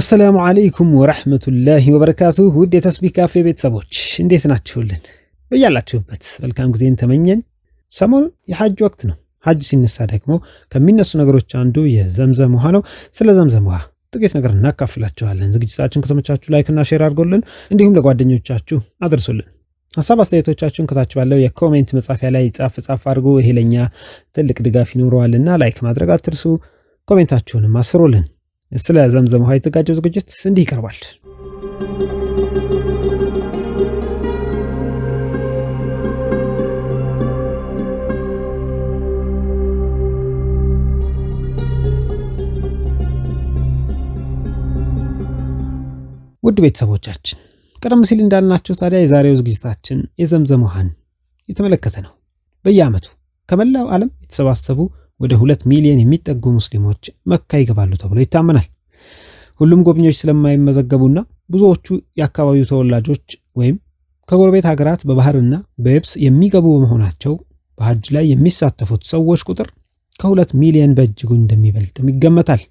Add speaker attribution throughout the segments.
Speaker 1: አሰላሙ አለይኩም ወረሕመቱላሂ ወበረካቱ። ውድ የተስቢህ ካፌ ቤተሰቦች እንዴት ናችሁልን? በያላችሁበት መልካም ጊዜን ተመኘን። ሰሞኑን የሐጅ ወቅት ነው። ሐጅ ሲነሳ ደግሞ ከሚነሱ ነገሮች አንዱ የዘምዘም ውሃ ነው። ስለ ዘምዘም ውሃ ጥቂት ነገር እናካፍላችኋለን። ዝግጅታችን ከተመቻችሁ ላይክና ሼር አድርጎልን እንዲሁም ለጓደኞቻችሁ አድርሱልን። ሀሳብ አስተያየቶቻችሁን ከታች ባለው የኮሜንት መጻፊያ ላይ ጻፍ ጻፍ አድርጎ ይሄ ለኛ ትልቅ ድጋፍ ይኖረዋልና ላይክ ማድረግ አትርሱ። ኮሜንታችሁንም አስፍሩልን። ስለ ዘምዘም ውሃ የተዘጋጀው ዝግጅት እንዲህ ይቀርባል። ውድ ቤተሰቦቻችን ቀደም ሲል እንዳልናችሁ ታዲያ የዛሬው ዝግጅታችን የዘምዘም ውሃን የተመለከተ ነው። በየዓመቱ ከመላው ዓለም የተሰባሰቡ ወደ ሁለት ሚሊዮን የሚጠጉ ሙስሊሞች መካ ይገባሉ ተብሎ ይታመናል። ሁሉም ጎብኚዎች ስለማይመዘገቡና ብዙዎቹ የአካባቢው ተወላጆች ወይም ከጎረቤት ሀገራት በባህርና በየብስ የሚገቡ በመሆናቸው በሀጅ ላይ የሚሳተፉት ሰዎች ቁጥር ከሁለት ሚሊዮን በእጅጉ እንደሚበልጥም ይገመታል።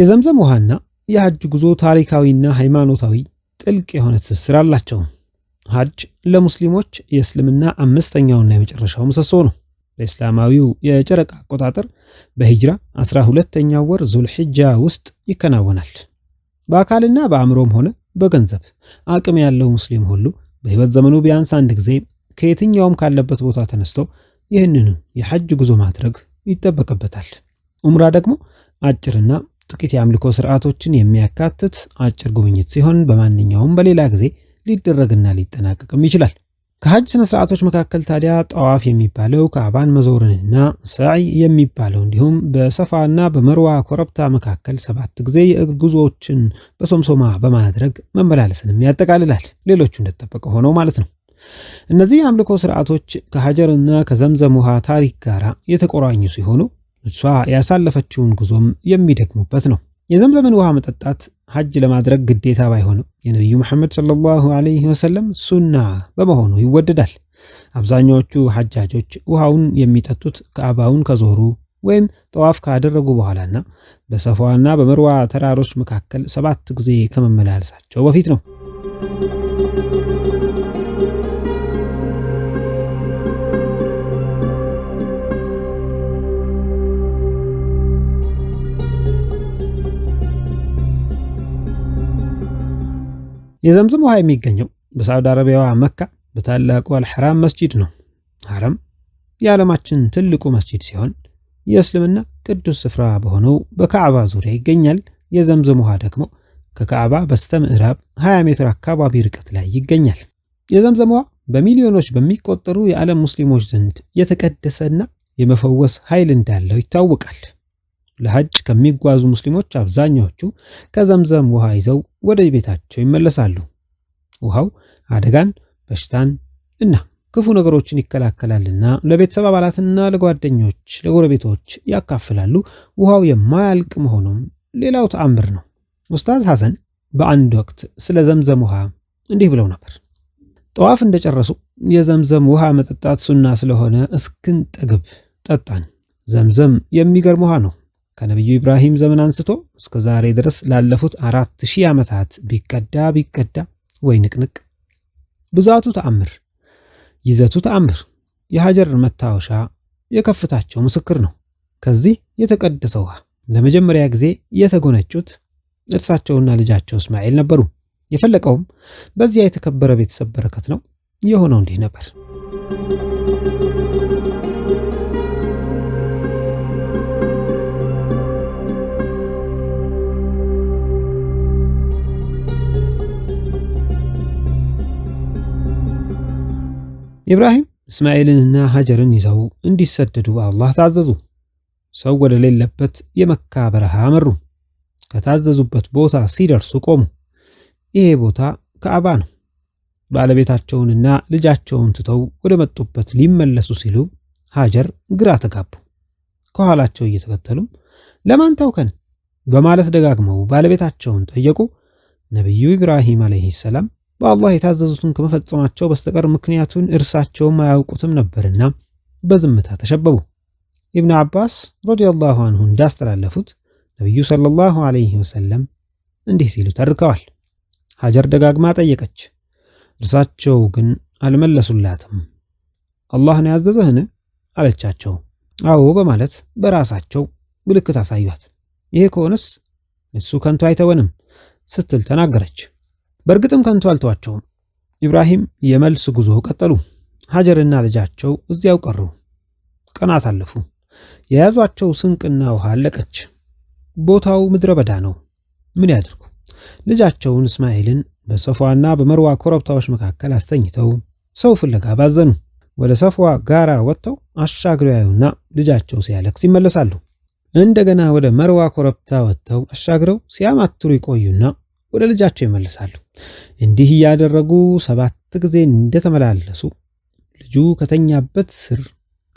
Speaker 1: የዘምዘም ውሃና የሀጅ ጉዞ ታሪካዊና ሃይማኖታዊ ጥልቅ የሆነ ትስስር አላቸው። ሀጅ ለሙስሊሞች የእስልምና አምስተኛውና የመጨረሻው ምሰሶ ነው። በእስላማዊው የጨረቃ አቆጣጠር በሂጅራ 12 ሁለተኛው ወር ዙልሕጃ ውስጥ ይከናወናል። በአካልና በአእምሮም ሆነ በገንዘብ አቅም ያለው ሙስሊም ሁሉ በሕይወት ዘመኑ ቢያንስ አንድ ጊዜ ከየትኛውም ካለበት ቦታ ተነስቶ ይህንን የሐጅ ጉዞ ማድረግ ይጠበቅበታል። ኡምራ ደግሞ አጭርና ጥቂት የአምልኮ ስርዓቶችን የሚያካትት አጭር ጉብኝት ሲሆን በማንኛውም በሌላ ጊዜ ሊደረግና ሊጠናቀቅም ይችላል። ከሐጅ ስነ ስርዓቶች መካከል ታዲያ ጠዋፍ የሚባለው ካዕባን መዞርንና ሰዕይ የሚባለው እንዲሁም በሰፋና በመርዋ ኮረብታ መካከል ሰባት ጊዜ የእግር ጉዞዎችን በሶምሶማ በማድረግ መመላለስንም ያጠቃልላል። ሌሎቹ እንደተጠበቀ ሆነው ማለት ነው። እነዚህ የአምልኮ ስርዓቶች ከሐጀርና ከዘምዘም ውሃ ታሪክ ጋር የተቆራኙ ሲሆኑ እሷ ያሳለፈችውን ጉዞም የሚደግሙበት ነው። የዘምዘምን ውሃ መጠጣት ሐጅ ለማድረግ ግዴታ ባይሆንም የነቢዩ መሐመድ ሰለላሁ ዐለይሂ ወሰለም ሱና በመሆኑ ይወደዳል። አብዛኛዎቹ ሐጃጆች ውሃውን የሚጠጡት ከአባውን ከዞሩ ወይም ጠዋፍ ካደረጉ በኋላና በሰፋዋና በመርዋ ተራሮች መካከል ሰባት ጊዜ ከመመላለሳቸው በፊት ነው። የዘምዘም ውሃ የሚገኘው በሳውዲ አረቢያዋ መካ በታላቁ አልሐራም መስጂድ ነው። ሐረም የዓለማችን ትልቁ መስጂድ ሲሆን የእስልምና ቅዱስ ስፍራ በሆነው በካዕባ ዙሪያ ይገኛል። የዘምዘም ውሃ ደግሞ ከካዕባ በስተ ምዕራብ 20 ሜትር አካባቢ ርቀት ላይ ይገኛል። የዘምዘም ውሃ በሚሊዮኖች በሚቆጠሩ የዓለም ሙስሊሞች ዘንድ የተቀደሰና የመፈወስ ኃይል እንዳለው ይታወቃል። ለሐጅ ከሚጓዙ ሙስሊሞች አብዛኛዎቹ ከዘምዘም ውሃ ይዘው ወደ ቤታቸው ይመለሳሉ። ውሃው አደጋን፣ በሽታን እና ክፉ ነገሮችን ይከላከላልና ለቤተሰብ አባላትና ለጓደኞች፣ ለጎረቤቶች ያካፍላሉ። ውሃው የማያልቅ መሆኑም ሌላው ተአምር ነው። ኡስታዝ ሐሰን በአንድ ወቅት ስለ ዘምዘም ውሃ እንዲህ ብለው ነበር። ጠዋፍ እንደጨረሱ የዘምዘም ውሃ መጠጣት ሱና ስለሆነ እስክንጠግብ ጠጣን። ዘምዘም የሚገርም ውሃ ነው። ከነቢዩ ኢብራሂም ዘመን አንስቶ እስከ ዛሬ ድረስ ላለፉት አራት ሺህ ዓመታት ቢቀዳ ቢቀዳ ወይ ንቅንቅ! ብዛቱ ተአምር፣ ይዘቱ ተአምር፣ የሀጀር መታወሻ የከፍታቸው ምስክር ነው። ከዚህ የተቀደሰ ውሃ ለመጀመሪያ ጊዜ የተጎነጩት እርሳቸውና ልጃቸው እስማኤል ነበሩ። የፈለቀውም በዚያ የተከበረ ቤተሰብ በረከት ነው። የሆነው እንዲህ ነበር። ኢብራሂም እስማኤልንና ሀጀርን ይዘው እንዲሰደዱ አላህ ታዘዙ። ሰው ወደ ሌለበት የመካ በረሃ አመሩ። ከታዘዙበት ቦታ ሲደርሱ ቆሙ። ይሄ ቦታ ከዕባ ነው። ባለቤታቸውንና ልጃቸውን ትተው ወደ መጡበት ሊመለሱ ሲሉ ሀጀር ግራ ተጋቡ። ከኋላቸው እየተከተሉም ለማን ተውከን በማለት ደጋግመው ባለቤታቸውን ጠየቁ። ነቢዩ ኢብራሂም ዓለይሂ ሰላም በአላህ የታዘዙትን ከመፈጸማቸው በስተቀር ምክንያቱን እርሳቸውም አያውቁትም ነበርና በዝምታ ተሸበቡ። ኢብን አባስ ረዲየላሁ አንሁ እንዳስተላለፉት ነቢዩ ሰለላሁ ዐለይሂ ወሰለም እንዲህ ሲሉ ተርከዋል። ሀጀር ደጋግማ ጠየቀች፣ እርሳቸው ግን አልመለሱላትም። አላህ ነው ያዘዘህን አለቻቸው። አዎ በማለት በራሳቸው ምልክት አሳዩት። ይሄ ከሆነስ እሱ ከንቱ አይተወንም ስትል ተናገረች። በእርግጥም ከንቱ አልተዋቸውም። ኢብራሂም የመልስ ጉዞ ቀጠሉ። ሀጀርና ልጃቸው እዚያው ቀሩ። ቀናት አለፉ። የያዟቸው ስንቅና ውሃ አለቀች። ቦታው ምድረ በዳ ነው። ምን ያደርጉ? ልጃቸውን እስማኤልን በሰፏና በመርዋ ኮረብታዎች መካከል አስተኝተው ሰው ፍለጋ ባዘኑ። ወደ ሰፏ ጋራ ወጥተው አሻግረው ያዩና ልጃቸው ሲያለቅስ ይመለሳሉ። እንደገና ወደ መርዋ ኮረብታ ወጥተው አሻግረው ሲያማትሩ ይቆዩና ወደ ልጃቸው ይመልሳሉ። እንዲህ እያደረጉ ሰባት ጊዜ እንደተመላለሱ ልጁ ከተኛበት ስር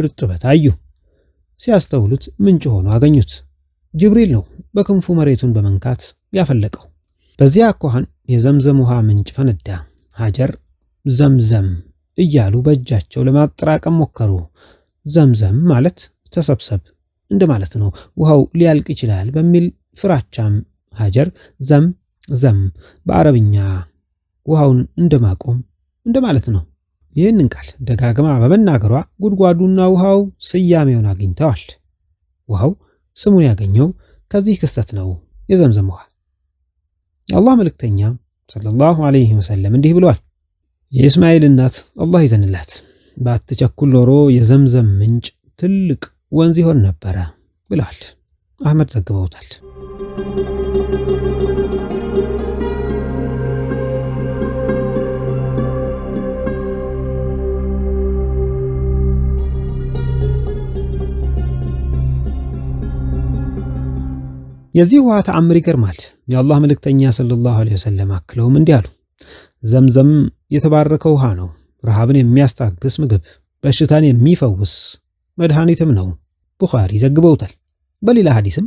Speaker 1: እርጥበት አዩ። ሲያስተውሉት ምንጭ ሆኖ አገኙት። ጅብሪል ነው በክንፉ መሬቱን በመንካት ያፈለቀው። በዚያ አኳኋን የዘምዘም ውሃ ምንጭ ፈነዳ። ሀጀር ዘምዘም እያሉ በእጃቸው ለማጠራቀም ሞከሩ። ዘምዘም ማለት ተሰብሰብ እንደማለት ነው። ውሃው ሊያልቅ ይችላል በሚል ፍራቻም ሀጀር ዘም ዘም በአረብኛ ውሃውን እንደማቆም እንደማለት ነው። ይህንን ቃል ደጋግማ በመናገሯ ጉድጓዱና ውሃው ስያሜውን አግኝተዋል። ውሃው ስሙን ያገኘው ከዚህ ክስተት ነው። የዘምዘም ውሃ የአላህ መልእክተኛ ሰለላሁ ዐለይሂ ወሰለም እንዲህ ብለዋል። የእስማኤል እናት አላህ ይዘንላት በአትቸኩል ኖሮ የዘምዘም ምንጭ ትልቅ ወንዝ ይሆን ነበረ ብለዋል። አህመድ ዘግበውታል። የዚህ ውሃ ተአምር ይገርማል። የአላህ መልእክተኛ ሰለላሁ ዐለይሂ ወሰለም አክለውም እንዲህ አሉ፣ ዘምዘም የተባረከ ውሃ ነው። ረሃብን የሚያስታግስ ምግብ፣ በሽታን የሚፈውስ መድኃኒትም ነው። ቡኻሪ ዘግበውታል። በሌላ ሐዲስም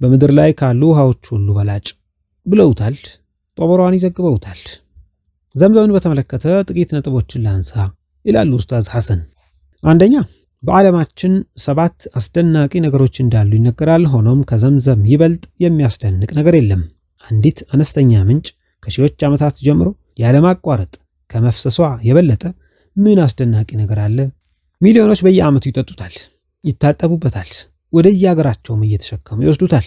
Speaker 1: በምድር ላይ ካሉ ውሃዎች ሁሉ በላጭ ብለውታል። ጦበሯን ይዘግበውታል። ዘምዘምን በተመለከተ ጥቂት ነጥቦችን ላንሳ ይላሉ ኡስታዝ ሐሰን። አንደኛ በዓለማችን ሰባት አስደናቂ ነገሮች እንዳሉ ይነገራል። ሆኖም ከዘምዘም ይበልጥ የሚያስደንቅ ነገር የለም። አንዲት አነስተኛ ምንጭ ከሺዎች ዓመታት ጀምሮ ያለማቋረጥ ከመፍሰሷ የበለጠ ምን አስደናቂ ነገር አለ? ሚሊዮኖች በየዓመቱ ይጠጡታል፣ ይታጠቡበታል፣ ወደ የሀገራቸውም እየተሸከሙ ይወስዱታል።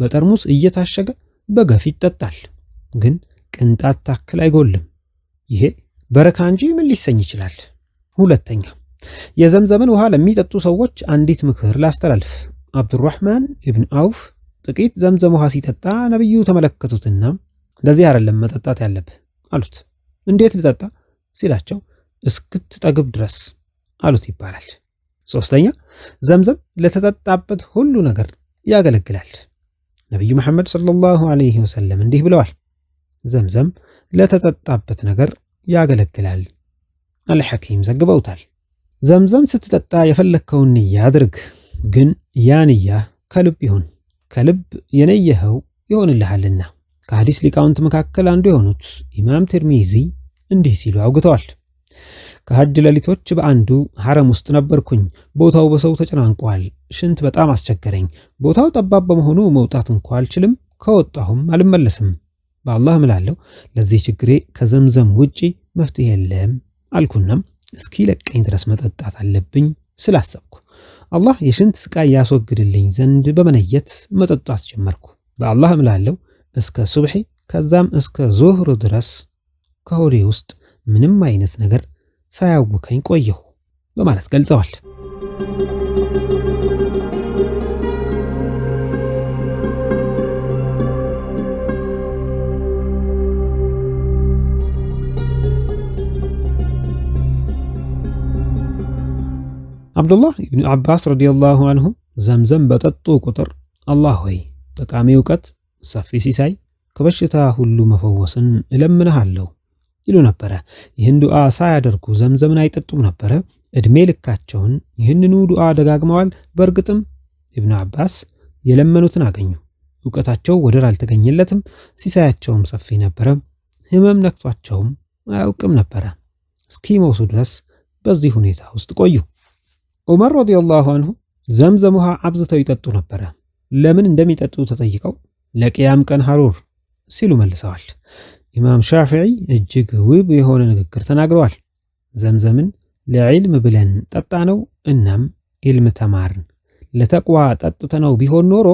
Speaker 1: በጠርሙስ እየታሸገ በገፍ ይጠጣል። ግን ቅንጣት ታክል አይጎልም። ይሄ በረካ እንጂ ምን ሊሰኝ ይችላል? ሁለተኛ የዘምዘምን ውሃ ለሚጠጡ ሰዎች አንዲት ምክር ላስተላልፍ። አብዱራህማን ኢብን አውፍ ጥቂት ዘምዘም ውሃ ሲጠጣ ነቢዩ ተመለከቱትና እንደዚህ አይደለም መጠጣት ያለብህ አሉት። እንዴት ልጠጣ ሲላቸው እስክትጠግብ ድረስ አሉት ይባላል። ሶስተኛ ዘምዘም ለተጠጣበት ሁሉ ነገር ያገለግላል። ነቢዩ መሐመድ ሰለላሁ ዐለይሂ ወሰለም እንዲህ ብለዋል፣ ዘምዘም ለተጠጣበት ነገር ያገለግላል። አልሐኪም ዘግበውታል። ዘምዘም ስትጠጣ የፈለግከውን ንያ አድርግ፣ ግን ያ ንያ ከልብ ይሁን። ከልብ የነየኸው ይሆንልሃልና። ከሐዲስ ሊቃውንት መካከል አንዱ የሆኑት ኢማም ትርሚዚ እንዲህ ሲሉ አውግተዋል። ከሐጅ ሌሊቶች በአንዱ ሐረም ውስጥ ነበርኩኝ። ቦታው በሰው ተጨናንቋል። ሽንት በጣም አስቸገረኝ። ቦታው ጠባብ በመሆኑ መውጣት እንኳ አልችልም። ከወጣሁም አልመለስም። በአላህ እምላለሁ ለዚህ ችግሬ ከዘምዘም ውጪ መፍትሄ የለም አልኩናም እስኪ ለቀኝ ድረስ መጠጣት አለብኝ ስላሰብኩ አላህ የሽንት ስቃይ ያስወግድልኝ ዘንድ በመነየት መጠጣት ጀመርኩ። በአላህ እምላለሁ እስከ ሱብሒ ከዛም እስከ ዙህር ድረስ ከሆዴ ውስጥ ምንም አይነት ነገር ሳያውከኝ ቆየሁ በማለት ገልጸዋል። አብዱላህ ኢብኑ ዓባስ ረዲየላሁ አንሁ ዘምዘም በጠጡ ቁጥር አላህ ሆይ ጠቃሚ እውቀት፣ ሰፊ ሲሳይ፣ ከበሽታ ሁሉ መፈወስን እለምንሃለሁ ይሉ ነበረ። ይህን ዱዓ ሳያደርጉ ዘምዘምን አይጠጡም ነበረ። እድሜ ልካቸውን ይህንኑ ዱዓ ደጋግመዋል። በእርግጥም እብኑ አባስ የለመኑትን አገኙ። እውቀታቸው ወደር አልተገኘለትም። ሲሳያቸውም ሰፊ ነበረ። ህመም ነክቷቸውም አያውቅም ነበረ። እስኪሞቱ ድረስ በዚህ ሁኔታ ውስጥ ቆዩ። ዑመር ረዲየላሁ አንሁ ዘምዘም ውሃ አብዝተው ይጠጡ ነበረ። ለምን እንደሚጠጡ ተጠይቀው ለቅያም ቀን ሐሩር ሲሉ መልሰዋል። ኢማም ሻፊዒ እጅግ ውብ የሆነ ንግግር ተናግረዋል። ዘምዘምን ለዕልም ብለን ጠጣነው፣ እናም ኢልም ተማርን። ለተቅዋ ጠጥተነው ቢሆን ኖሮ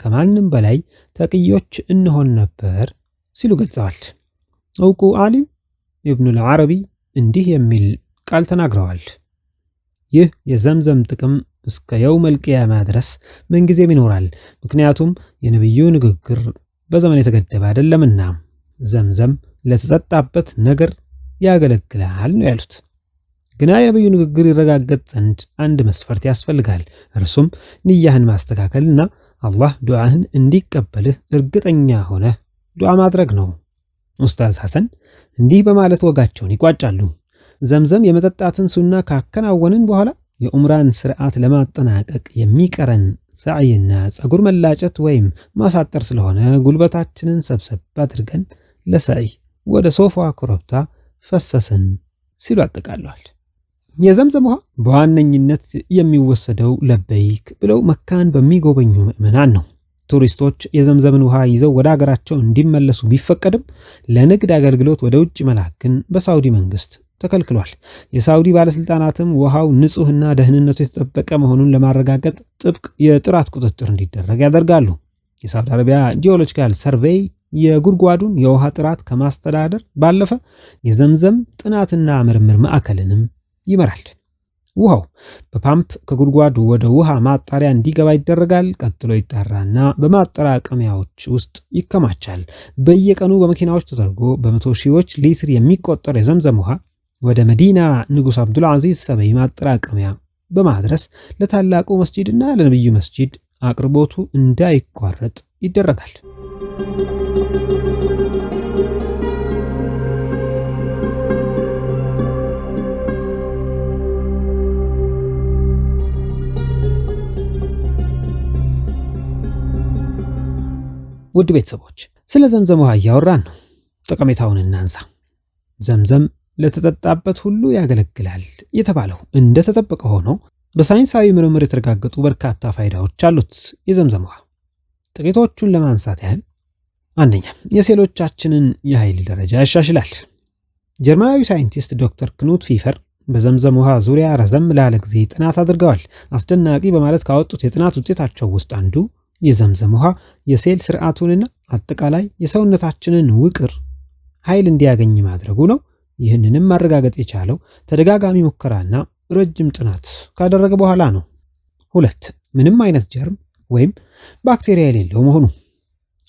Speaker 1: ከማንም በላይ ተቅዮች እንሆን ነበር ሲሉ ገልጸዋል። እውቁ ዓሊም ኢብኑል ዓረቢ እንዲህ የሚል ቃል ተናግረዋል። ይህ የዘምዘም ጥቅም እስከ የውመል ቂያማ ድረስ ምንጊዜም ይኖራል። ምክንያቱም የነቢዩ ንግግር በዘመን የተገደበ አይደለምና። ዘምዘም ለተጠጣበት ነገር ያገለግልሃል ነው ያሉት። ግና የነብዩ ንግግር ይረጋገጥ ዘንድ አንድ መስፈርት ያስፈልጋል። እርሱም ንያህን ማስተካከልና አላህ ዱዓህን እንዲቀበልህ እርግጠኛ ሆነ ዱዓ ማድረግ ነው። ኡስታዝ ሐሰን እንዲህ በማለት ወጋቸውን ይቋጫሉ። ዘምዘም የመጠጣትን ሱና ካከናወንን በኋላ የኡምራን ስርዓት ለማጠናቀቅ የሚቀረን ሳዕይና ጸጉር መላጨት ወይም ማሳጠር ስለሆነ ጉልበታችንን ሰብሰብ አድርገን ለሳይ ወደ ሶፋ ኮረብታ ፈሰስን ሲሉ አጠቃለዋል። የዘምዘም ውሃ በዋነኝነት የሚወሰደው ለበይክ ብለው መካን በሚጎበኙ ምዕመናን ነው። ቱሪስቶች የዘምዘምን ውሃ ይዘው ወደ አገራቸው እንዲመለሱ ቢፈቀድም ለንግድ አገልግሎት ወደ ውጭ መላክ ግን በሳውዲ መንግስት ተከልክሏል። የሳውዲ ባለስልጣናትም ውሃው ንጹህና ደህንነቱ የተጠበቀ መሆኑን ለማረጋገጥ ጥብቅ የጥራት ቁጥጥር እንዲደረግ ያደርጋሉ። የሳውዲ አረቢያ ጂኦሎጂካል ሰርቬይ የጉድጓዱን የውሃ ጥራት ከማስተዳደር ባለፈ የዘምዘም ጥናትና ምርምር ማዕከልንም ይመራል። ውሃው በፓምፕ ከጉድጓዱ ወደ ውሃ ማጣሪያ እንዲገባ ይደረጋል። ቀጥሎ ይጣራና በማጠራቀሚያዎች ውስጥ ይከማቻል። በየቀኑ በመኪናዎች ተደርጎ በመቶ ሺዎች ሊትር የሚቆጠር የዘምዘም ውሃ ወደ መዲና ንጉሥ አብዱል አዚዝ ሰበይ ማጠራቀሚያ በማድረስ ለታላቁ መስጂድና ለነብዩ መስጂድ አቅርቦቱ እንዳይቋረጥ ይደረጋል። ውድ ቤተሰቦች ስለ ዘምዘም ውሃ እያወራን ነው። ጠቀሜታውን እናንሳ። ዘምዘም ለተጠጣበት ሁሉ ያገለግላል የተባለው እንደተጠበቀ ሆኖ በሳይንሳዊ ምርምር የተረጋገጡ በርካታ ፋይዳዎች አሉት የዘምዘም ውሃ። ጥቂቶቹን ለማንሳት ያህል፣ አንደኛ የሴሎቻችንን የኃይል ደረጃ ያሻሽላል። ጀርመናዊ ሳይንቲስት ዶክተር ክኑት ፊፈር በዘምዘም ውሃ ዙሪያ ረዘም ላለ ጊዜ ጥናት አድርገዋል። አስደናቂ በማለት ካወጡት የጥናት ውጤታቸው ውስጥ አንዱ የዘምዘም ውሃ የሴል ስርዓቱንና አጠቃላይ የሰውነታችንን ውቅር ኃይል እንዲያገኝ ማድረጉ ነው። ይህንንም ማረጋገጥ የቻለው ተደጋጋሚ ሙከራና ረጅም ጥናት ካደረገ በኋላ ነው። ሁለት ምንም አይነት ጀርም ወይም ባክቴሪያ የሌለው መሆኑ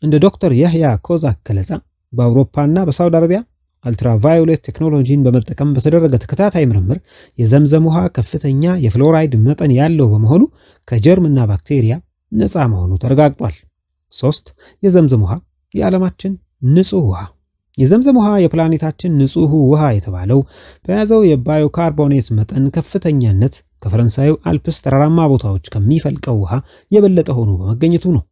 Speaker 1: እንደ ዶክተር የህያ ኮዛክ ገለጻ በአውሮፓና በሳውዲ አረቢያ አልትራቫዮሌት ቴክኖሎጂን በመጠቀም በተደረገ ተከታታይ ምርምር የዘምዘም ውሃ ከፍተኛ የፍሎራይድ መጠን ያለው በመሆኑ ከጀርምና ባክቴሪያ ነፃ መሆኑ ተረጋግጧል። ሶስት የዘምዘም ውሃ የዓለማችን ንጹህ ውሃ የዘምዘም ውሃ የፕላኔታችን ንጹህ ውሃ የተባለው በያዘው የባዮካርቦኔት መጠን ከፍተኛነት ከፈረንሳዩ አልፕስ ተራራማ ቦታዎች ከሚፈልቀው ውሃ የበለጠ ሆኖ በመገኘቱ ነው።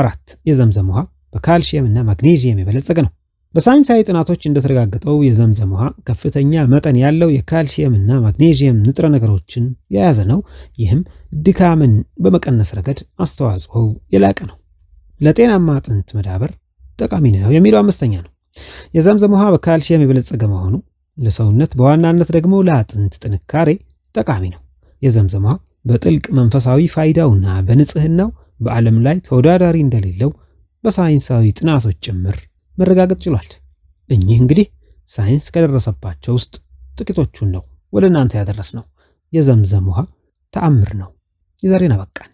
Speaker 1: አራት የዘምዘም ውሃ በካልሽየም እና ማግኔዥየም የበለጸገ ነው። በሳይንሳዊ ጥናቶች እንደተረጋገጠው የዘምዘም ውሃ ከፍተኛ መጠን ያለው የካልሲየም እና ማግኔዥየም ንጥረ ነገሮችን የያዘ ነው። ይህም ድካምን በመቀነስ ረገድ አስተዋጽኦ የላቀ ነው። ለጤናማ አጥንት መዳበር ጠቃሚ ነው የሚለው አምስተኛ ነው። የዘምዘም ውሃ በካልሲየም የበለጸገ መሆኑ ለሰውነት በዋናነት ደግሞ ለአጥንት ጥንካሬ ጠቃሚ ነው። የዘምዘም ውሃ በጥልቅ መንፈሳዊ ፋይዳውና በንጽህናው በዓለም ላይ ተወዳዳሪ እንደሌለው በሳይንሳዊ ጥናቶች ጭምር መረጋገጥ ችሏል። እኚህ እንግዲህ ሳይንስ ከደረሰባቸው ውስጥ ጥቂቶቹን ነው ወደ እናንተ ያደረስ ነው። የዘምዘም ውሃ ተአምር ነው። የዛሬን አበቃን።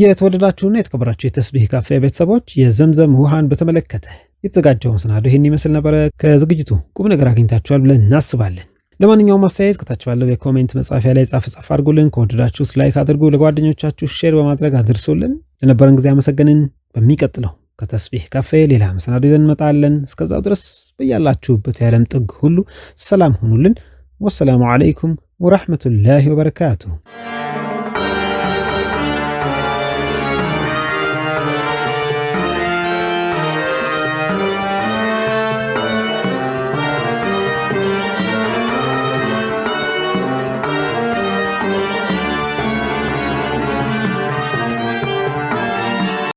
Speaker 1: የተወደዳችሁና የተከበራችሁ የተስቢህ ካፌ ቤተሰቦች የዘምዘም ውሃን በተመለከተ የተዘጋጀው መሰናዶ ይህን ይመስል ነበረ። ከዝግጅቱ ቁም ነገር አግኝታችኋል ብለን እናስባለን። ለማንኛውም አስተያየት ከታች ባለው የኮሜንት መጻፊያ ላይ ጻፍ ጻፍ አድርጉልን። ከወደዳችሁት ላይክ አድርጉ፣ ለጓደኞቻችሁ ሼር በማድረግ አድርሱልን። ለነበረን ጊዜ አመሰገንን። በሚቀጥለው ከተስቢህ ካፌ ሌላ መሰናዶ ይዘን እንመጣለን። እስከዛው ድረስ በያላችሁበት የዓለም ጥግ ሁሉ ሰላም ሆኑልን። ወሰላሙ ዓለይኩም ወረሕመቱላሂ ወበረካቱሁ።